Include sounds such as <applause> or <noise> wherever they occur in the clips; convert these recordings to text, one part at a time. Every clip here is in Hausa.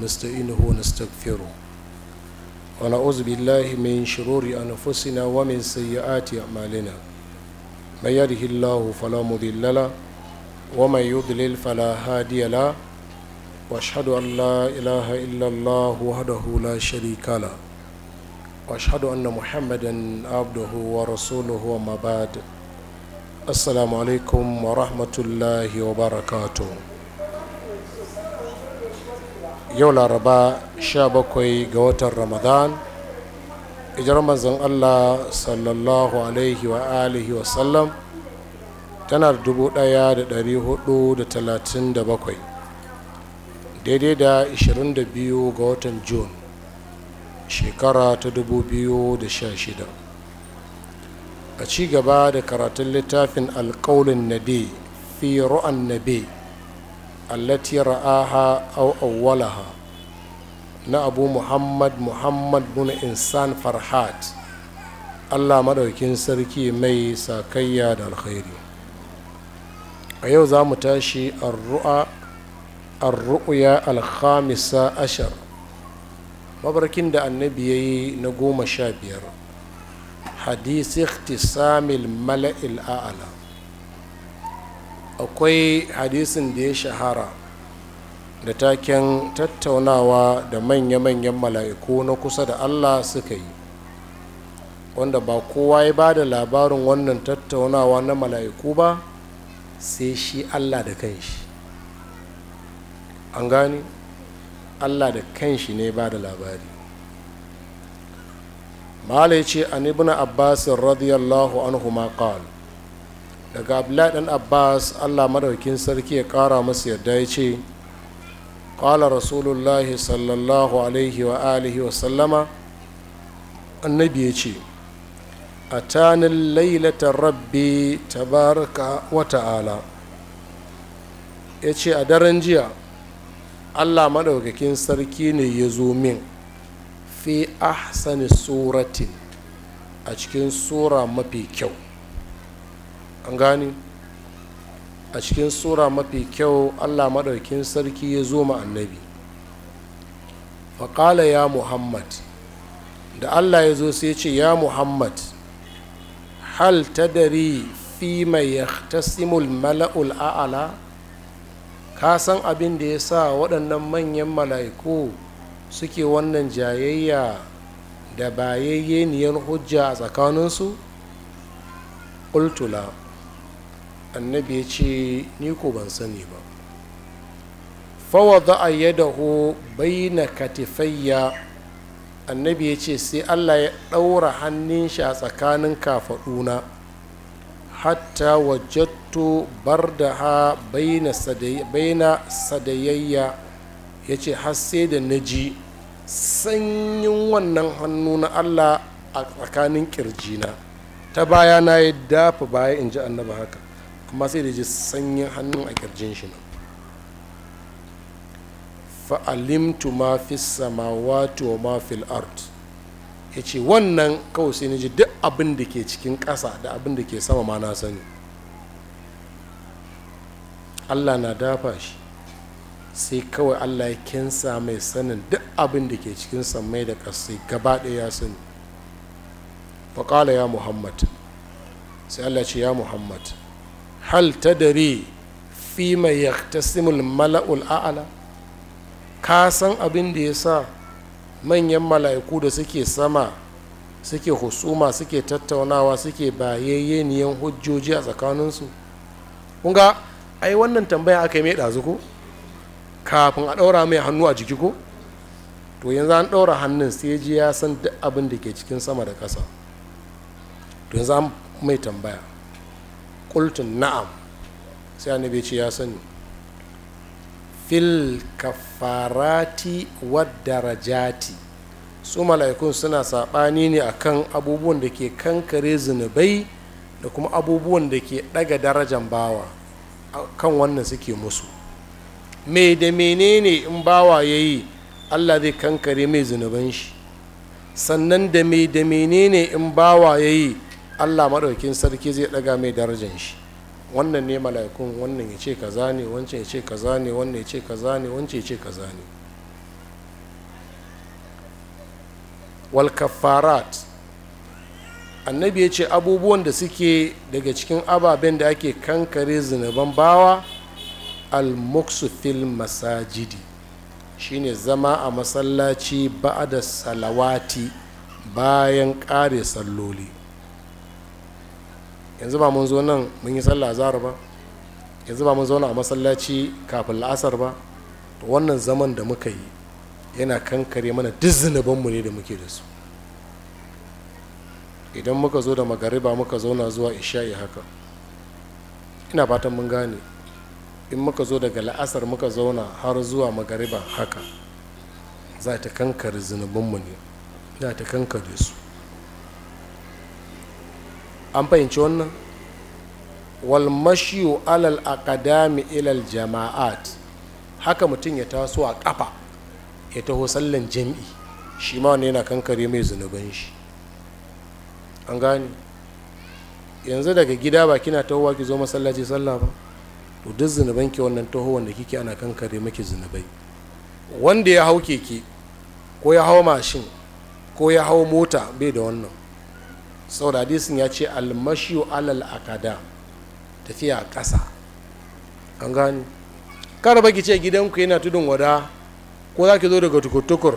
ونستعينه ونستغفره ونعوذ بالله من شرور أنفسنا ومن سيئات أعمالنا من يده الله فلا مضل له ومن يضلل فلا هادي له واشهد ان لا اله الا الله وحده لا شريك له واشهد ان محمدا عبده ورسوله وما بعد السلام عليكم ورحمه الله وبركاته yau laraba 17 ga watan ramadan ijar manzon allah sallallahu alaihi wa alihi wa sallam tana da bakwai daidai da 22 ga watan jun shekara ta 2016 a ci gaba da karatun littafin alkaulin nabi fi ru'an nabi allati ra'aha aw awwalaha na abu muhammad muhammad bin insan farhad allah maɗaukin sarki mai sakayya da alkhairi a yau za mu tashi arru'uya alhamisa ashar mabarkin da annabi ya na goma sha biyar hadisi ikhtisamil mala'il a'ala akwai hadisin da ya shahara da taken tattaunawa da manya-manyan mala'iku na kusa da allah suka yi wanda ba kowa ya ba da labarin wannan tattaunawa na mala'iku ba sai shi allah da kanshi an gani allah da kanshi ne ba da labari malai ce an ibina abbasin radiyallahu anhu ma daga abdullahi dan abbas allah madaukin sarki ya kara masa yadda ya ce ƙwala rasulullahi sallallahu alaihi wa alihi wa sallama annabi ya ce a tanin lailatar rabbi tabaraka wa ta'ala ya ce a daren jiya allah madaukakin sarki ne ya zo min fi ahsani suratin a cikin sura mafi kyau an gani a cikin sura mafi kyau allah maɗaukin sarki ya zo ma annabi faƙala ya muhammad da allah ya zo sai ya ce ya muhammad hal ta tadari fi mai ya mala'ul a'ala ka san abin da ya sa waɗannan manyan mala'iku suke wannan jayayya da bayayyeniyar hujja a tsakaninsu ƙultula annabi ya ce ni ko ban sani ba fawada a ho baina katifayya annabi ya ce sai allah ya ɗaura hannun shi a tsakanin kafaɗuna hatta wajattu bardaha baina sadayayya ya ce har sai da na ji sanyin wannan hannu na allah a tsakanin kirjina ta baya na ya dafa baya in ji annaba haka kuma sai da ji sanyin hannun a kirjin shi nan fa'alimtu ma fi samawati wa ma fil art ya ce wannan kawai sai na ji duk abin da ke cikin ƙasa da abin da ke sama ma na sani allah na dafa shi sai kawai allah ya kinsa mai sanin duk abin da ke cikin samai da ƙasai gaba ɗaya ya sani faƙala ya muhammad sai allah ce ya muhammad hal ta dare fi mai yaktasimul mala'ul a'ala ka san abin da ya sa manyan mala'iku da suke sama suke husuma suke tattaunawa suke bayayye niyan hujjoji a tsakaninsu a ai wannan tambaya aka yi mai ɗazu ko kafin a ɗaura mai hannu a jiki ko to yanzu an ɗaura hannun sai ji ya san duk abin da ke cikin sama da ƙasa to yanzu an mai tambaya kultun na'am sai annabi ce ya sani fil kafarati wadarajati su mala'ikun suna saɓani ne akan abubuwan da ke kankare zunubai da kuma abubuwan da ke ɗaga darajan bawa kan wannan suke musu me da menene in bawa ya yi allah zai kankare mai zunuban shi sannan da me da menene in bawa ya yi allah maɗaukin sarki zai ɗaga mai darajan shi wannan ne mala'ikun wannan ya ce kaza ne wancan ya ce kaza ne wannan ya ce kaza ne wancan ya ce kaza ne wal annabi ya ce abubuwan da suke daga cikin ababen da ake kankare zunuban bawa al masajidi shine zama a masallaci da salawati bayan ƙare salloli yanzu ba mun zo nan mun yi sallah azhar ba yanzu ba mun zauna a masallaci kafin la'asar ba to wannan zaman da muka yi yana kankare mana duk mu ne da muke da su idan muka zo da magariba muka zauna zuwa isha'i haka ina fatan mun gane in muka zo daga la'asar muka zauna har zuwa magariba haka za ta kankare zunubanmu ne za ta kankare su an fahimci wannan wal mashiyu alal aqdami ilal jama'at haka mutum ya taso a kafa ya taho sallan jami'i shi ma wani yana kankare mai zunuban shi an gane yanzu daga gida ba kina tahowa ki zo masallaci sallah ba to duk zunuban ki wannan taho wanda kike ana kankare maki zunubai wanda ya hau keke ko ya hau mashin ko ya hau mota bai da wannan saboda hadisin ya ce almashiyu alal akada tafiya a ƙasa an gani kada baki ce gidanku yana tudun wada ko za ki zo daga tukur-tukur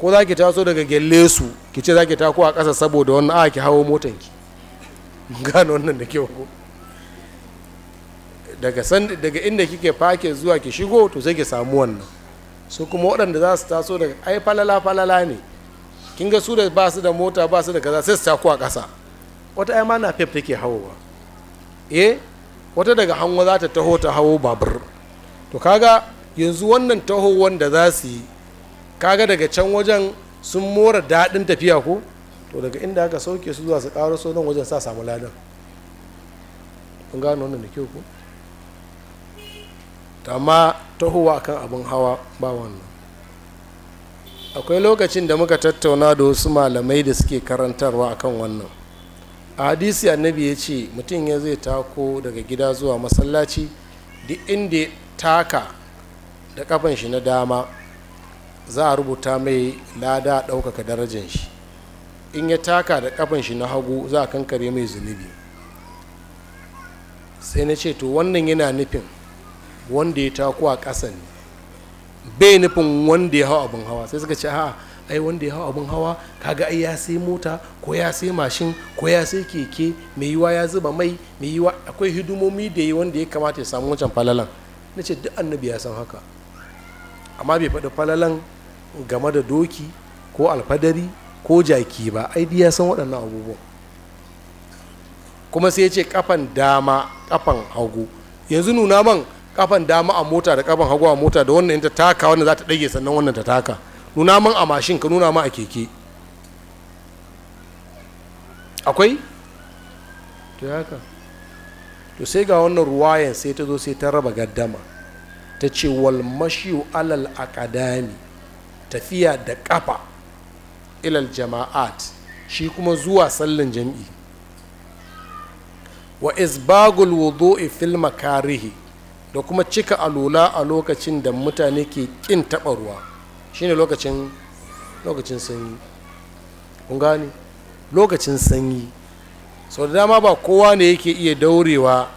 ko za ki taso daga gelle su ki ce za ki tako a ƙasa saboda wannan a ki hawo motanki gano wannan da kyau ko daga san daga inda kike fake zuwa ki shigo to sai ki samu wannan su kuma waɗanda za su taso daga ai falala falala ne kin ga su da ba su da mota ba su da kaza sai su taku a ƙasa wata ai ma na fef take hawowa eh wata daga hanwa za ta taho ta hawo babur to kaga yanzu wannan taho wanda za su yi kaga daga can wajen sun mora daɗin tafiya ko to daga inda aka sauke su zuwa su ƙaro so nan wajen sa samu ladan kun gano wannan da kyau ko amma tahowa kan abin hawa ba wannan akwai lokacin da muka tattauna da wasu malamai da suke karantarwa akan wannan a hadisi annabi ya ce mutum ya zai tako daga gida zuwa masallaci duk inda ya taka da kafan shi na dama za a rubuta mai lada ɗaukaka darajar shi in ya taka da kafan shi na hagu za a kankare mai zunubi sai na ce to wannan yana nufin wanda ya tako a ƙasa ne bai nufin wanda ya hau abin hawa sai suka ce a ai wanda ya hau abin hawa kaga ai ya sai mota ko ya sai mashin ko ya sai keke mai yiwa ya zuba mai mai yiwa akwai hidimomi da yi wanda ya kamata ya samu wancan falalan na ce duk annabi ya san haka amma bai faɗi falalan game da doki ko alfadari ko jaki ba ai ya san waɗannan abubuwan kuma sai ya ce kafan dama kafan hagu yanzu nuna man kafan dama a mota da kafan hagu a mota da wannan ta taka wannan za ta ɗage sannan wannan ta taka nuna man a mashin ka nuna man a keke akwai to haka to sai ga wannan ruwayan sai ta zo sai ta raba gaddama ta ce wal mashiyu alal akadami tafiya da kafa ilal jama'at shi kuma zuwa sallan jam'i wa isbagul wudu'i fil makarihi da kuma cika alola a lokacin da mutane ke kin taɓa ruwa shine lokacin lokacin sanyi kun gane lokacin sanyi sau da dama ba kowa ne yake iya daurewa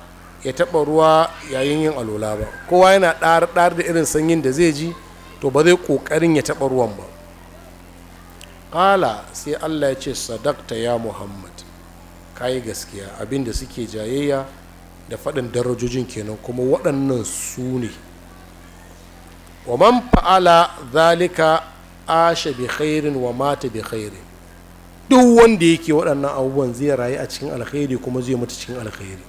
ya taɓa ruwa yayin yin alola ba kowa yana ɗar-ɗar da irin sanyin da zai ji to ba zai ƙoƙarin ya taɓa ruwan ba ƙala sai allah ya ce sadakta ya muhammad kayi gaskiya abinda suke jayayya da faɗin darajojin kenan kuma waɗannan su ne wa man fa'ala zalika asha bi khairin wa mata bi khairin duk wanda yake waɗannan abubuwan zai rayu a cikin alkhairi kuma zai mutu cikin alkhairi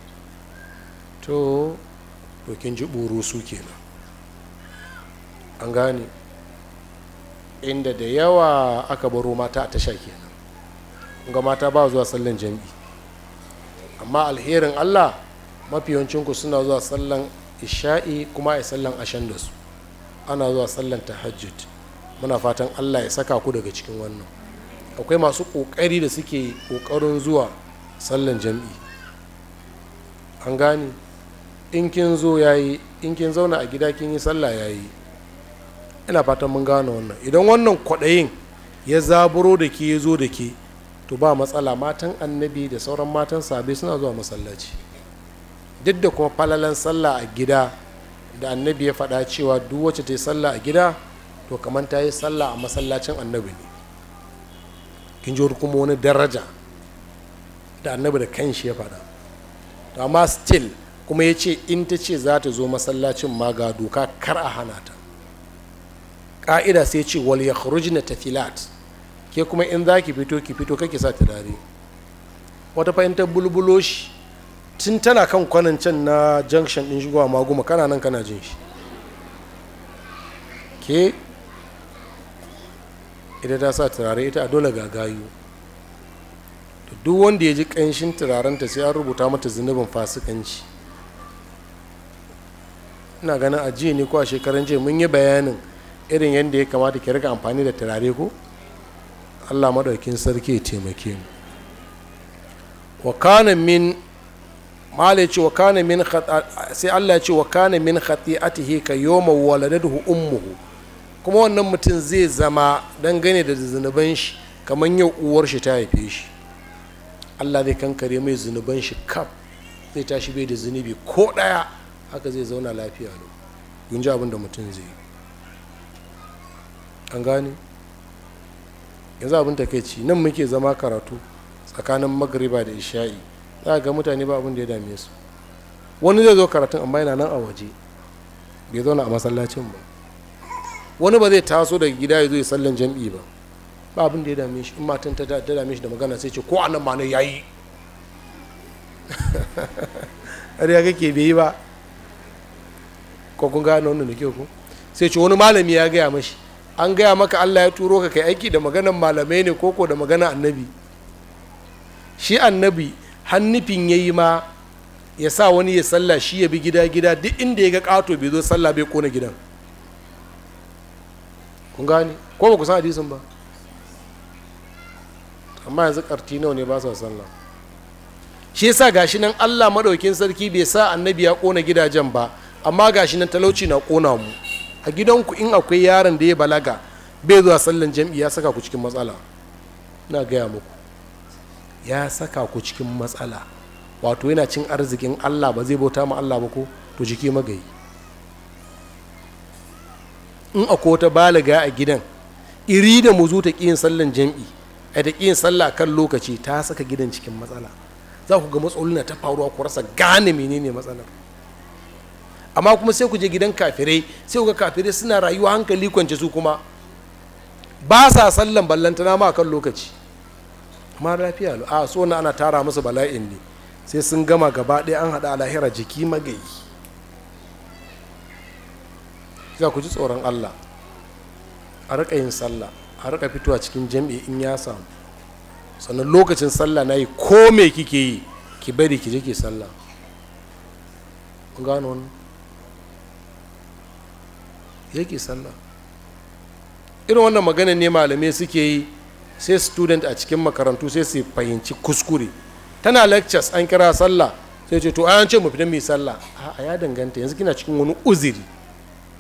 to dokin ji buru su kenan an gane inda da yawa aka baro mata a tasha kenan ga mata ba zuwa sallan jami'i amma alherin allah mafi yawancinku suna zuwa sallan isha'i kuma a sallan ashan da su ana zuwa sallan tahajjud muna fatan allah ya saka ku daga cikin wannan akwai masu ƙoƙari da suke ƙoƙarin zuwa sallan jam'i an gane in kin zo ya yi in kin zauna a gida kin yi sallah yi ina fatan mun gane wannan idan wannan kwaɗayin ya zaburo da ke ya zo da ke to ba matsala matan annabi da sauran matan sabe suna zuwa masallaci duk da kuma falalan sallah a gida da annabi ya faɗa cewa duk wacce ta yi sallah a gida to kamar ta yi sallah a masallacin annabi ne kin ji kuma wani daraja da annabi da kanshi ya faɗa to amma still kuma ya ce in ta ce za ta zo masallacin ma ga doka kar a hana ta ƙa'ida sai ce wal ta filat ke kuma in za ki fito ki fito kake sa dare wata fahimtar bulbulo shi tun tana kan kwanan can na junction din shigowa maguma kana nan kana jin shi ke idan ta sa turare ita a dole gagayu duk wanda ya ji ƙanshin turarenta sai an rubuta mata zunubin fasikanci ina ganin a jiya ne ko a shekaran jiya mun yi bayanin irin yadda ya kamata ki rika amfani da turare ko allah maɗaukin sarki ya taimake mu wa min malai ce wa kane min sai Allah ce wa kane min khati'atihi ka yawma waladatuhu ummuhu kuma wannan mutum zai zama gane da zunuban shi kamar yau uwar shi ta haife shi Allah zai kankare mai zunuban shi kaf zai tashi bai da zunubi ko daya haka zai zauna lafiya lo abin da mutum zai an gane yanzu abin takaici nan muke zama karatu tsakanin magariba da isha'i za ga mutane ba abin da ya dame su wani zai zo karatun amma yana nan a waje bai zauna a masallacin ba wani ba zai taso daga gida ya zo ya sallan jam'i ba ba abin da ya dame shi in matan ta dame shi da magana sai ce ko anan ma na yayi har <laughs> ya kake bai yi ba ko kun gane wannan da kyau ko sai ce wani malami ya gaya mashi an gaya maka Allah ya turo ka kai aiki da maganan malamai ne koko da maganan annabi shi annabi hannufin ya yi ma ya sa wani ya sallah shi ya bi gida gida duk inda ya ga kato bai zo sallah bai kona gidan kun gane ko ba ku san hadisin ba amma yanzu karti nawa ne ba sa sallah shi yasa gashi nan Allah madaukin sarki bai sa annabi ya kona gidajen ba amma gashi nan talauci na kona mu a gidanku in akwai yaron da ya balaga bai zuwa sallan jam'i ya saka ku cikin matsala na gaya muku ya saka ku cikin matsala wato yana cin arzikin allah ba zai bauta ma allah ba ko to jiki magayi in akwai wata balaga a gidan iri da mu zo ta yin sallan jam'i a ta yin sallah kan lokaci ta saka gidan cikin matsala za ku ga matsaloli na ta faruwa ku rasa gane menene matsalar amma kuma sai ku je gidan kafirai sai ku ga kafirai suna rayuwa hankali kwance su kuma ba sa sallan ballantana ma kan lokaci ma lafiya a so na ana tara musu bala'in ne sai sun gama gaba ɗaya an haɗa alahira jiki magayi za ku ji tsoron allah a riƙa yin sallah a riƙa fitowa cikin jam'i in ya samu sannan lokacin sallah na yi ko me kike yi ki bari ki je ki sallah gano wannan yake sallah irin wannan magana ne malamai suke yi sai student a cikin makarantu sai su fahimci kuskure tana lectures an kira sallah sai ce to an ce mu fita mai sallah a ya danganta yanzu kina cikin wani uziri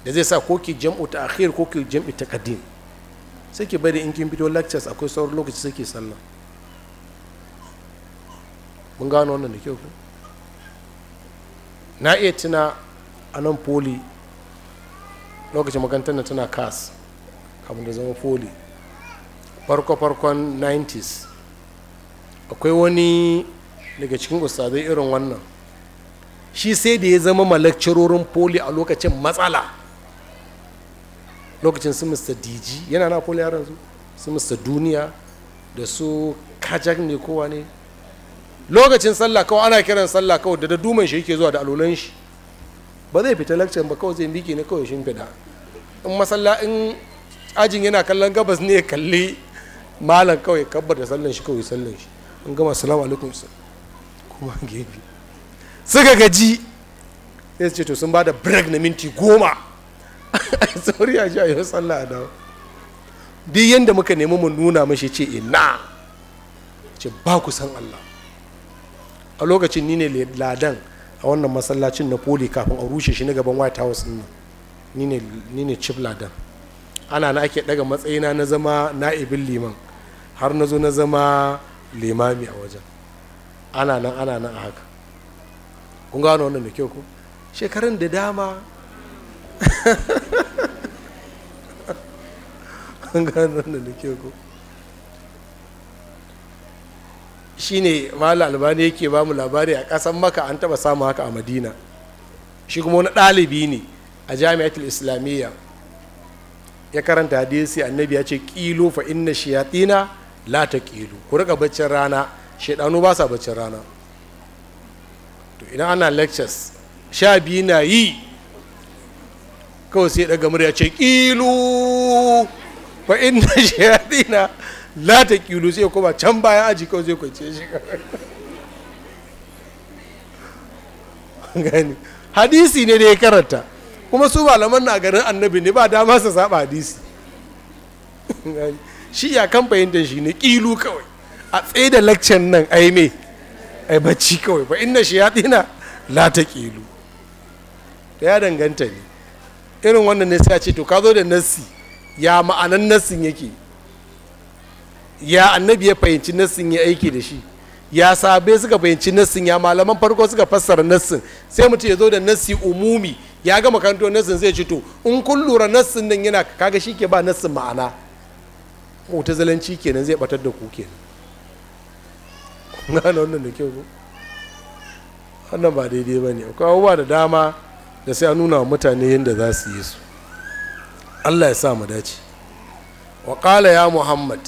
da zai sa ko ki jam'u ta akhir ko ki jam'u ta kadin sai ki bari in kin fito lectures akwai sauran lokaci sai ki sallah mun gano wannan da kyau na iya tuna a nan poli lokacin makarantar tana kas kamar da zama poli farko-farkon 90s akwai wani daga cikin ustazai irin wannan shi sai da ya zama malakcirorin poli a lokacin matsala lokacin su mr dg yana na poli yaran su su mr duniya da su kajak ne kowa ne lokacin sallah kawai ana kiran sallah kawai da daduman shi yake zuwa da alolan shi ba zai fita lakcin ba kawai zai miƙe ne kawai fida in masalla in ajin yana kallon gabas ne ya kalli malam kawai kabbar da sallan shi kawai sallan shi an gama salamu alaikum kuma gefe suka gaji sai ce to sun ba da break na minti goma <laughs> sauri a ji a yi sallah a dawo duk yadda muka nemi mu nuna mashi ce ina ce ba ku san Allah a lokacin ni ne ladan a wannan masallacin na poli kafin a rushe shi na gaban white house nan ni ne chief ladan ana na ake daga matsayina na zama na'ibin liman har na zo na zama limami a wajen ana nan ana nan a haka kun gano wannan da kyau ku shekarun da dama <laughs> kun gano wannan da kyau ku shine malam albani yake ba mu labari a kasan maka an taba samu haka a madina shi kuma wani ɗalibi ne a jami'atul islamiyya ya karanta hadisi annabi ya ce na fa inna shayatina la ta ƙilu ku riƙa baccin rana shaidanu ba sa baccin rana to idan ana lectures sha biyu na yi kawai sai daga murya ce ƙilu fa <laughs> shaidi na la ta ƙilu sai kuma can bayan aji kawai zai kwance shi <laughs> gani hadisi ne da ya karanta kuma su malaman na garin annabi ne ba dama su saba hadisi <laughs> gani shi ya kan fahimtar shi ne ƙilu kawai a tsaye da lakcan nan ai me ai bacci kawai ba inna shi ya tsina la ta ƙilu da ya danganta ne irin wannan ne sai ce to ka zo da nassi ya ma'anan nassin yake ya annabi ya fahimci nassin ya aiki da shi ya sabe suka fahimci nasin ya malaman farko suka fassara nassin sai mutum ya zo da nasi umumi ya gama kanto nassin zai ci to in kun lura nan yana kaga shi ke ba nassin ma'ana mutazalanci kenan zai batar da ku kenan gane wannan da kyau wannan ba daidai ba ne kawo ba da dama da sai a nuna wa mutane yadda za su yi su allah ya sa mu dace wa ya muhammad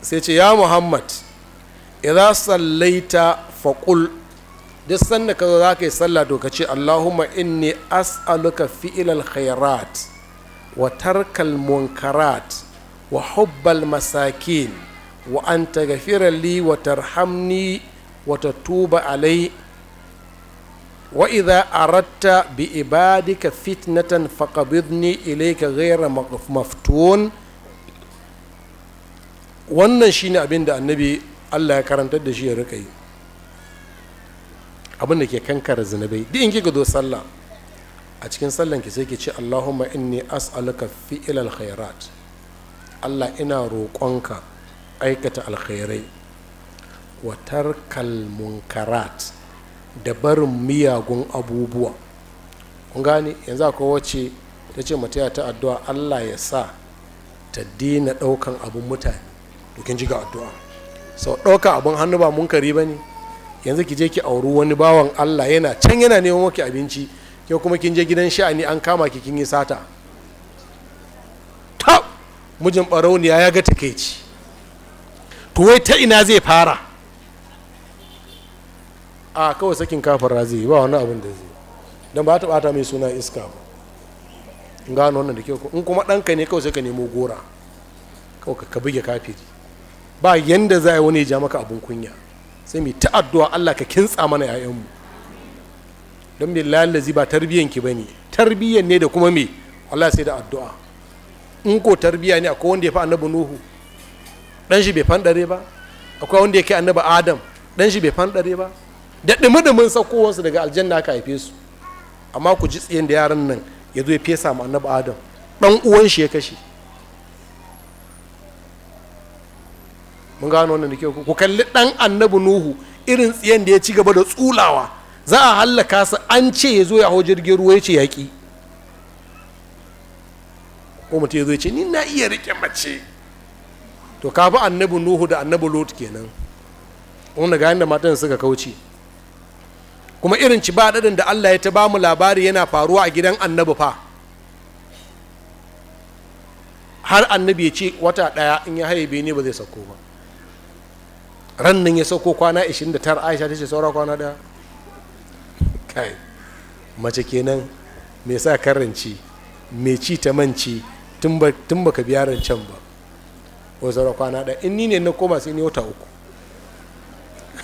sai ce ya muhammad idan sallaita faƙul duk sanda ka zo za ka yi sallah to ka ce allahumma inni as'aluka fi'ilal khairat wa tarkal munkarat wa hubbal masakin wa an taghfira li wa tarhamni wa tatuba alai wa idza aradta bi ibadika fitnatan faqabidni ilayka ghayra maftun wannan shine abin da annabi Allah ya karantar da shi ya rika yi abin da ke kankara zinabai duk in kika zo sallah a cikin sallan ki sai ki ce Allahumma inni as'aluka fi'ilal khairat allah ina roƙonka aikata alkhairai wa tarkal munkarat da barin miyagun abubuwa kun gani yanzu akwai wacce ta ce mata ta addu'a allah ya sa ta dina ɗaukan abin mutane dokin ji ga addu'a sau ɗauka abun hannu ba munkari ba ne yanzu ki je ki auri wani bawan allah yana can yana neman maki abinci ke kuma kin je gidan sha'ani an kama ki kin yi sata mijin barauniya ya ga takaici to wai ta ina zai fara a kawai sakin kafin zai ba wani abin da zai don ba ta bata mai suna iska ba gano wannan da kyau in kuma ɗanka ne kawai sai ka nemo gora kawai ka buge kafiri ba yanda za a yi wani ya ja maka abin kunya sai mai ta'addu'a Allah ka kintsa mana 'ya'yanmu don mai lalazi ba tarbiyyanki ba ne tarbiyyan ne da kuma mai Allah sai da addu'a in ko tarbiya ne akwai wanda ya fi annabi nuhu dan shi bai fandare ba akwai wanda ya kai annabi adam dan shi bai fandare ba da dumi-dumin saukowarsu daga aljanna aka haife su amma ku ji tsayin da yaran nan ya zo ya fesa ma annabi adam dan uwan shi ya kashe mun gano wannan da ke ku kalli dan annabi nuhu irin tsayin da ya ci gaba da tsulawa za a hallaka su an ce ya zo ya hau jirgin ruwa ya ce yaƙi ko mutum ya zo ce ni na iya rike mace to ka bi annabi nuhu da annabi lot kenan wanda ga yadda matan suka kauce kuma irin ci ba da Allah ya ta ba mu labari yana faruwa a gidan annabi fa har annabi ya ce wata ɗaya in ya haibe ne ba zai sauko ba ran nan ya sauko kwana 29 Aisha ta ce saura kwana ɗaya. kai mace kenan me sa karanci me ci ta manci tun ba ka biya can ba ko zara kwana ɗaya in ni ne na koma sai ni wata uku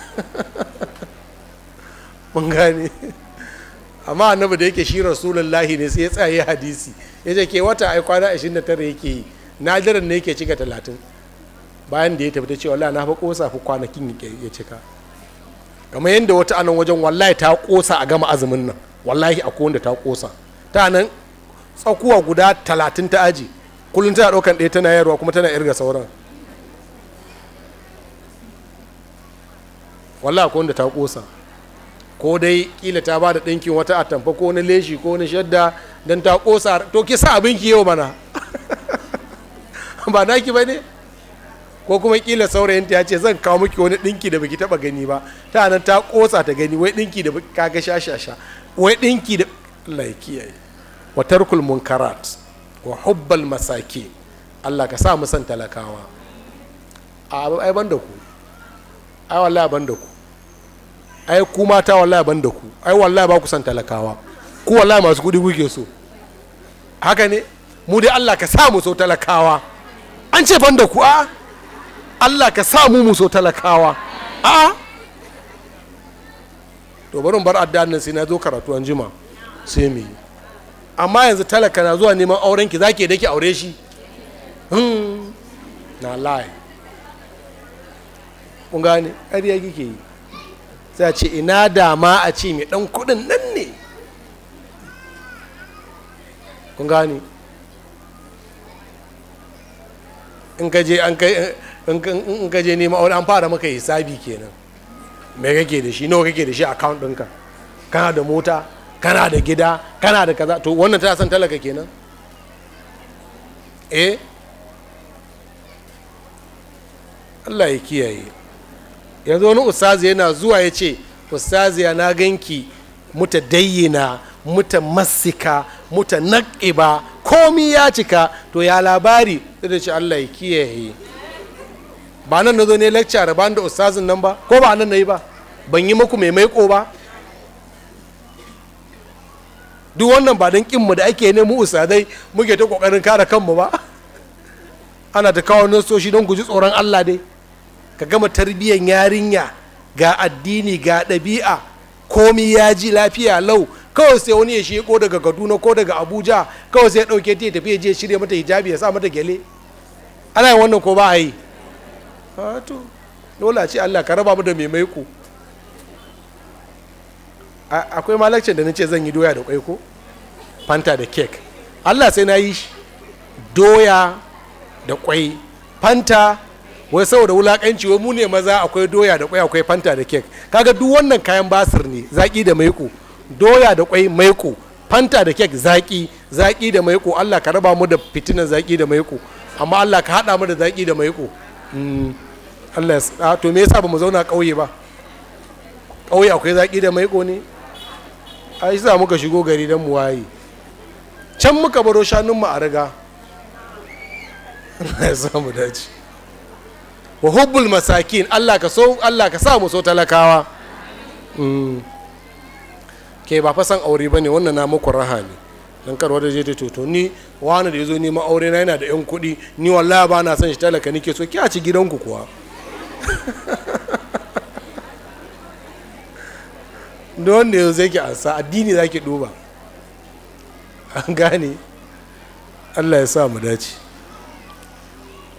<laughs> mun gane amma annabi da yake shi lahi ne sai ya tsaye hadisi ya ce ke wata ai kwana da tara yake yi na daren ne yake cika talatin bayan da ya tafi ta ce wallahi na fa kosa fa kwanakin ya cika kamar yadda wata anan wajen wallahi ta kosa a gama azumin nan wallahi a kowanda ta kosa ta nan tsakuwa guda talatin ta aji kullum tana ɗaukan ɗaya tana yarwa kuma tana irga sauran wallah ko wanda ta ƙosa ko dai kila ta ba da ɗinkin wata atamfa ko wani leshi ko wani shadda don ta ƙosa to ki sa abinki yau mana <laughs> ba naki ba ne ko kuma kila saurayinta ya ce zan kawo miki wani ɗinki da baki taɓa gani ba ta nan ta ƙosa ta gani wai ɗinki da kaga sha sha sha wai ɗinki da Allah wa tarkul munkarat wa hubbal masaki Allah ka sa musan talakawa a ai ban da ku ai wallahi ban da ku ai ku mata wallahi ban da ku ai wallahi ba ku san talakawa ku wallahi masu kudi kuke so haka ne mu dai Allah ka sa mu so talakawa an ce ban da ku a Allah ka sa mu mu so talakawa a to barin bar addanin sai na zo karatu an jima sai mu yi amma yanzu talaka na zuwa neman auren ki zake da ki aure shi hmm. na lie kun gane ƙarya kike yi sai ce ina dama a ce mai ɗan kuɗin nan ne kun gane in ka je an kai in ka je neman aure an fara maka hisabi kenan me kake da shi nawa kake da shi account ɗinka kana da mota kana da gida kana da kaza to wannan ta san talaka kenan eh Allah ya kiyaye yanzu wani ustazi yana zuwa ya ce ustazi ya na ganki muta dayyina muta masika muta naƙi ba komi ya cika to ya labari da ce Allah ya kiyaye ba nan na zo ne lecture ba da ustazin nan ba ko ba nan na yi ba ban yi muku mai maiko ba duk wannan ba don kinmu da ake nemi usadai muke ta kokarin kare kanmu ba ana ta kawo nasoshi don guji tsoron allah dai ka gama tarbiyyar yarinya ga addini ga ɗabi'a komi ya ji lafiya lau kawai sai wani ya shi ko daga kaduna ko daga abuja kawai sai ya ɗauke ta ya tafi ya je shirya mata hijabi ya sa mata gele ana yin wannan ko ba a yi ah dole a ce allah ka raba mu da mai maiko akwai ma lecture da nace zan yi doya da kwai ko fanta da cake Allah sai na yi doya da kwai fanta wai saboda wulakanci wai mu ne maza akwai doya da kwai akwai fanta da cake kaga duk wannan kayan basir ne zaki da maiko doya da kwai maiko fanta da kek zaki zaki da maiko Allah ka raba mu da fitinan zaki da maiko amma Allah ka hada mu da zaki da maiko mm. Allah ya to me yasa mu zauna kauye ba kauye akwai zaki da maiko ne ai za muka shigo gari don mu waye can muka baro shanunmu a riga Allah samu dace wa hubbul masakin Allah ka so Allah ka sa mu so talakawa mm. ke ba fa san aure bane wannan na muku raha ne dan kar da je ta toto ni wani da yazo neman aure na yana da yan kuɗi ni wallahi ba na son shi talaka nike so ki a ci gidanku kuwa <laughs> da wanda yanzu zai ki ansa addini za ki duba an gane allah ya sa mu dace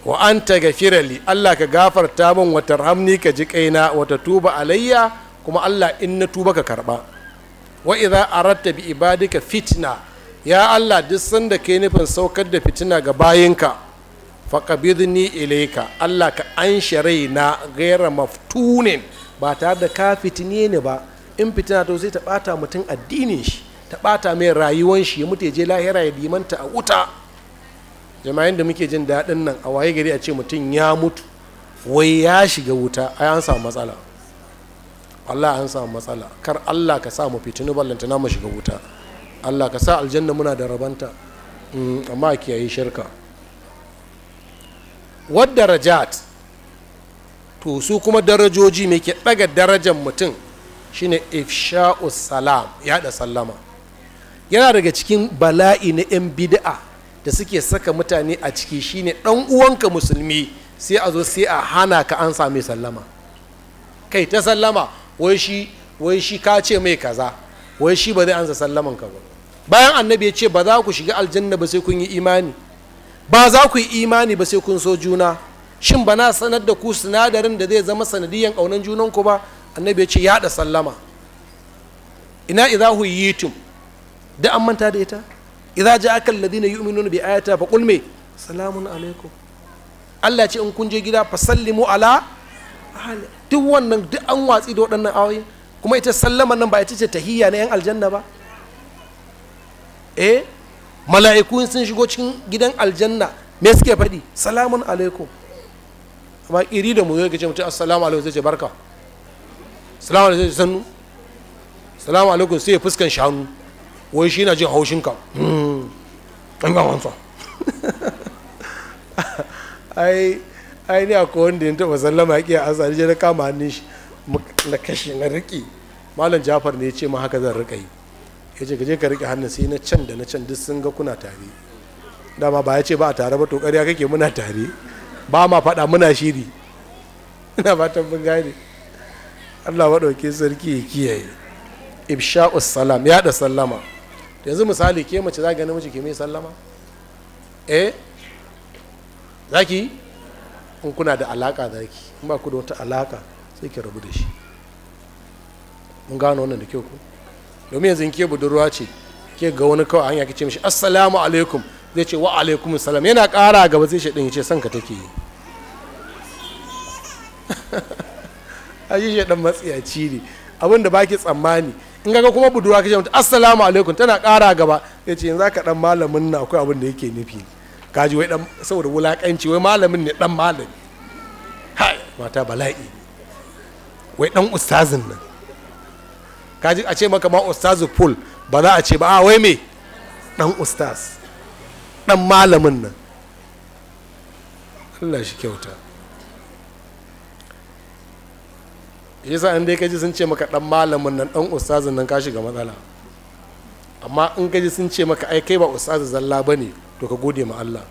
wa an ta firali allah ka gafarta min wata ramni ka ji kaina wata tuba alayya kuma allah in na tuba ka karba wa idza aratta bi ibadika fitna ya allah duk sanda kai nufin saukar da fitina ga bayinka qabidni ilayka allah ka anshare raina gaira maftunin ba tare da ka fitine ne ba in fitina to zai ta ɓata mutum addinin shi ta ɓata mai rayuwan shi ya mutu ya je lahira ya dimanta a wuta jama'in da muke jin daɗin nan a waye gari a ce mutum ya mutu wai ya shiga wuta ai an samu matsala Allah an samu matsala kar Allah ka sa mu fitinu na mu shiga wuta Allah ka sa aljanna muna da rabanta mm, amma kiyaye shirka wadda rajat to su kuma darajoji me ke ɗaga darajar mutum shine ifsha'us salam yada sallama yana daga cikin bala'i na 'yan bida'a da suke saka mutane a ciki shine dan uwanka musulmi sai a zo sai a hana ka an same sallama kai ta sallama wai shi wai shi ka ce mai kaza wai shi ba zai ansa sallaman ka ba bayan annabi ya ce ba za ku shiga aljanna ba sai kun yi imani ba za ku yi imani ba sai kun so juna shin ba na sanar da ku sinadarin da zai zama sanadiyan ƙaunan junanku ba annabi ya ce yaɗa sallama ina idza huyitum da an manta da ita idza akal ladina yu'minuna bi ayati fa qul me salamun alaikum Allah ce in kun je gida fa sallimu ala ahli duk wannan duk an watsi da waɗannan ayoyi kuma ita sallama nan ba ita ce tahiyya na yan aljanna ba eh mala'iku sun shigo cikin gidan aljanna me suke faɗi salamun alaikum amma iri da mu zai ce mutum assalamu alaikum zai ce barka salamu alaikum sai sannu salamu alaikum sai ya fuskan shanu wai shi na jin haushin ka hmm. an ga wansa <laughs> ai ai ne akwai wanda ya taba sallama ya kiya asali je na kama hannun shi na kashe na riƙe malam jafar ne ya ce ma haka zan riƙe yi ya ce gaje ka riƙe hannun sai na can da na can duk sun ga kuna tare dama ba ya ce ba a tare ba to ƙarya kake muna tare ba ma faɗa muna shiri ina fatan mun gane Allah waɗauke sarki ya kiyaye ibsha'us salam ya da sallama yanzu misali ke mace za ga namiji ke mai sallama eh zaki in kuna da alaka zaki in ba ku da wata alaka sai ki rabu da shi mun gano wannan da kyau ku domin yanzu in ke budurwa ce ke ga wani kawai hanya ce mishi assalamu alaikum zai ce wa alaikum salam yana ƙara gaba zai shi ɗin ya ce son ka take yi <laughs> a shi dan matsiyaci ne abin da baki tsammani in ga kuma budurwa kace mata assalamu alaikum tana kara gaba ya ce yanzu ka dan malamin na akwai abin da yake nufi kaji wai dan saboda wulakanci wai malamin ne dan malami ha mata bala'i wai dan ustazin nan kaji a ce maka ma ustazu pool ba za a ce ba a wai me dan ustaz dan malamin nan Allah shi kyauta yasa in dai kaji sun ce maka dan malamin nan dan ustazin nan ka shiga matsala amma in kaji sun ce maka ai kai ba ustazin zalla bane to ka gode ma Allah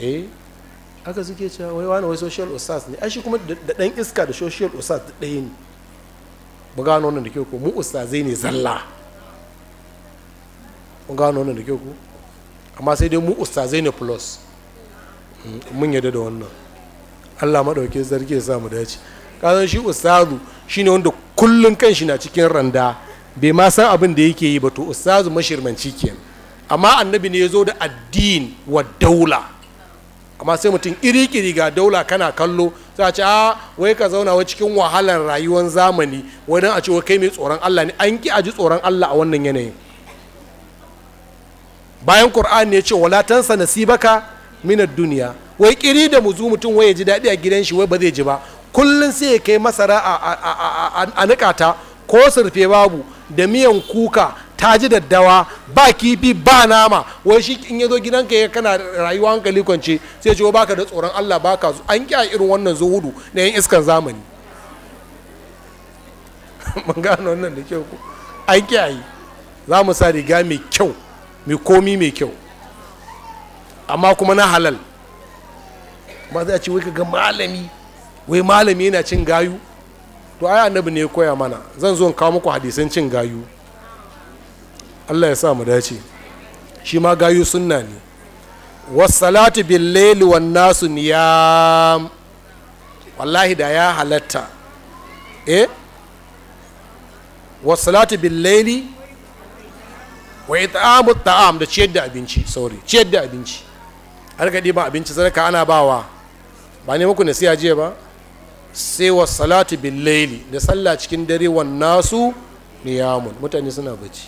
eh haka suke cewa wai wani wai social ustaz ne ai kuma da dan iska da social ustaz da ɗaya ne mu gano wannan da kyau ko mu ustazai ne zalla mu gano wannan da kyau ko amma sai dai mu ustazai ne plus hmm, mun yadda da wannan Allah madauke zarge ya sa mu dace kazan shi ustazu shine wanda kullun kanshi na cikin randa bai ma san abin da yake yi ba to ustazu mashirmanci kenan amma annabi ne ya zo da addini wa daula amma sai mutum iri-kiri ga daula kana kallo za a ce a ah, wai ka zauna wa cikin wahalar rayuwar zamani wani a ce wai kai mai tsoron Allah ne an ki a ji tsoron Allah a wannan yanayi bayan ƙur'ani ne ya ce walatansa nasi nasibaka minar duniya wai kiri da mu muzu mutum wai ya ji daɗi a gidan shi wai ba zai ji ba kullum sai ya kai masara a nikata ko surfe babu da miyan kuka ta ji daddawa ba kifi ba nama wai shi in ya zo gidanka ya kana rayuwa hankali kwance sai ce baka da tsoron Allah baka an kya irin wannan zuhudu na yan iskan zamani <laughs> mun gano wannan da kyau an yi za mu sa riga mai kyau mai komi mai kyau amma kuma na halal ba za ce wai ka ga malami wai malami yana cin gayu to ai annabi ne ya koya mana zan zo in kawo muku hadisan cin gayu Allah ya sa mu dace shi ma gayu sunna ne wasalatu bil laili wan nasu niyam wallahi da ya halatta eh wasalatu bil laili wa it'amu ta'am da ciyar da abinci sorry ciyar da abinci har ga ba abinci sadaka ana bawa ba ne muku nasiya jiya ba sai wa salatu bin laili da sallah cikin dare wannasu niyamun mutane suna bacci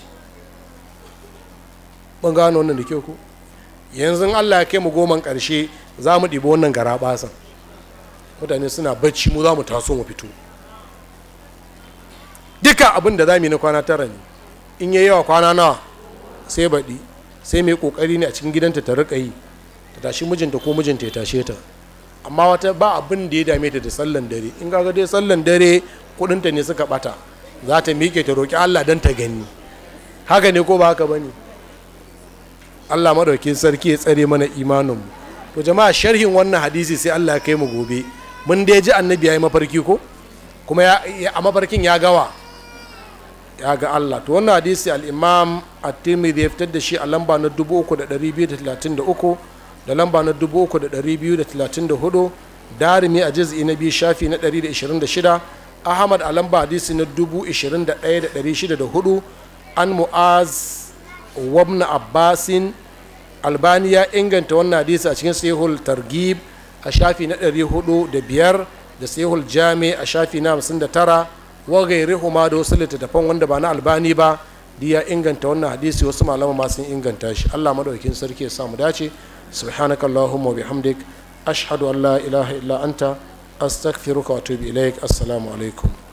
ban gano wannan da kyau ko yanzu allah ya kai mu goman karshe za mu wannan gara basan mutane suna bacci mu za mu taso mu fito duka abin da za mu yi na kwana tara ne in yi yawa kwana nawa sai baɗi sai mai ƙoƙari ne a cikin gidanta ta riƙa yi ta tashi mijinta ko mijinta ya tashe ta amma wata ba abin da ya dame ta da sallan dare in ga dai sallan dare kudinta ne suka bata za ta miƙe ta roƙi allah don ta gani haka ne ko ba haka ba ne allah madauki sarki ya tsare mana imaninmu to jama'a sharhin wannan hadisi sai allah ya kai mu gobe mun dai ji annabi ya yi mafarki ko kuma a mafarkin ya gawa ya ga allah to wannan hadisi al-imam at-tirmidhi ya fitar da shi a lamba na 3233 da lamba na 3234 darimi a jiz'i na biyu shafi na 126 ahmad a lamba hadisi na 21604 an mu'az wabna abbasin albani ya inganta wannan hadisi a cikin sahihul targib a shafi na 405 da sahihul jami a shafi na 59 wa huma da wasu littattafan wanda ba na albani ba ya inganta wannan hadisi wasu malama ma sun inganta shi Allah madaukin sarki ya samu dace subhanaka allahumma wa bihamdik ashhadu an la ilaha illa anta astaghfiruka wa atubu ilaik assalamu alaikum